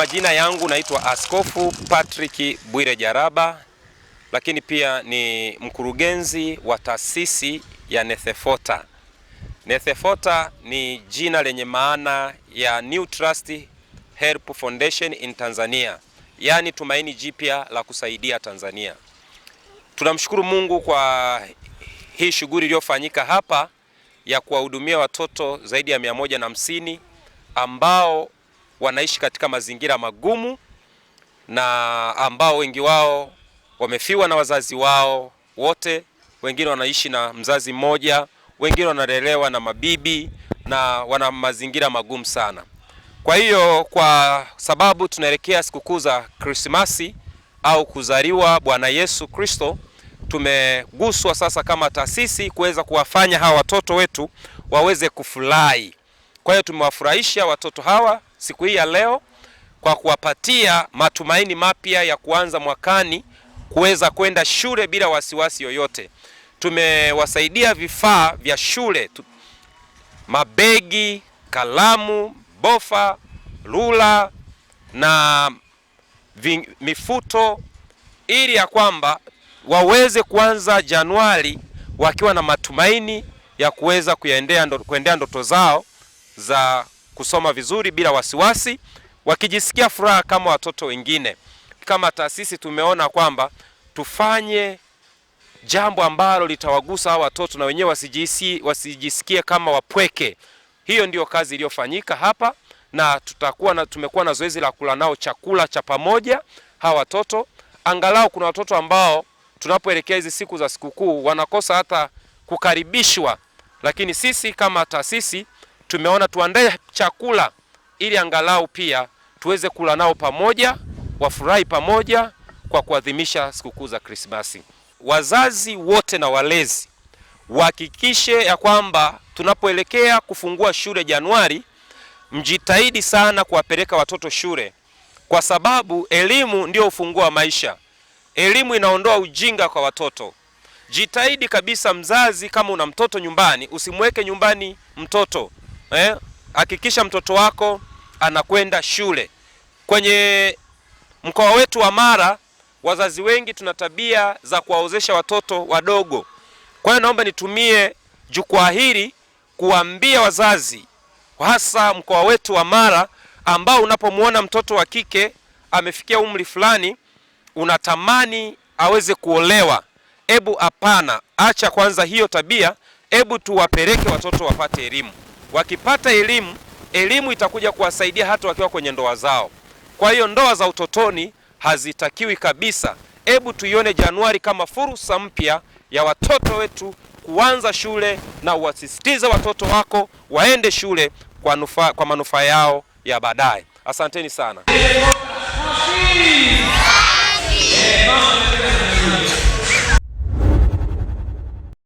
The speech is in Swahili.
majina yangu naitwa Askofu Patrick Bwire Jaraba, lakini pia ni mkurugenzi wa taasisi ya Nethefota. Nethefota ni jina lenye maana ya New Trust Help Foundation in Tanzania, yaani tumaini jipya la kusaidia Tanzania. Tunamshukuru Mungu kwa hii shughuli iliyofanyika hapa ya kuwahudumia watoto zaidi ya mia moja na hamsini ambao wanaishi katika mazingira magumu na ambao wengi wao wamefiwa na wazazi wao wote, wengine wanaishi na mzazi mmoja, wengine wanalelewa na mabibi na wana mazingira magumu sana. Kwa hiyo kwa sababu tunaelekea sikukuu za Krismasi au kuzaliwa Bwana Yesu Kristo, tumeguswa sasa kama taasisi kuweza kuwafanya hawa watoto wetu waweze kufurahi. Kwa hiyo tumewafurahisha watoto hawa siku hii ya leo kwa kuwapatia matumaini mapya ya kuanza mwakani kuweza kwenda shule bila wasiwasi yoyote. Tumewasaidia vifaa vya shule, mabegi, kalamu, bofa, rula na mifuto, ili ya kwamba waweze kuanza Januari wakiwa na matumaini ya kuweza kuendea ndoto zao za kusoma vizuri bila wasiwasi, wakijisikia furaha kama watoto wengine. Kama taasisi tumeona kwamba tufanye jambo ambalo litawagusa hawa watoto na wenyewe wasijisi, wasijisikie kama wapweke. Hiyo ndiyo kazi iliyofanyika hapa, na tutakuwa na, tumekuwa na zoezi la kula nao chakula cha pamoja hawa watoto. Angalau kuna watoto ambao tunapoelekea hizi siku za sikukuu wanakosa hata kukaribishwa, lakini sisi kama taasisi tumeona tuandae chakula ili angalau pia tuweze kula nao pamoja, wafurahi pamoja kwa kuadhimisha sikukuu za Krismasi. Wazazi wote na walezi wahakikishe ya kwamba tunapoelekea kufungua shule Januari, mjitahidi sana kuwapeleka watoto shule, kwa sababu elimu ndio ufunguo wa maisha. Elimu inaondoa ujinga kwa watoto. Jitahidi kabisa, mzazi, kama una mtoto nyumbani, usimweke nyumbani mtoto Eh? hakikisha eh, mtoto wako anakwenda shule. Kwenye mkoa wetu wa Mara wazazi wengi tuna tabia za kuwaozesha watoto wadogo. Kwa hiyo naomba nitumie jukwaa hili kuambia wazazi, hasa mkoa wetu wa Mara ambao unapomwona mtoto wa kike amefikia umri fulani unatamani aweze kuolewa. Ebu hapana, acha kwanza hiyo tabia, ebu tuwapeleke watoto wapate elimu. Wakipata elimu, elimu itakuja kuwasaidia hata wakiwa kwenye ndoa zao. Kwa hiyo ndoa za utotoni hazitakiwi kabisa. Hebu tuione Januari kama fursa mpya ya watoto wetu kuanza shule, na uwasisitize watoto wako waende shule kwa, kwa manufaa yao ya baadaye. Asanteni sana.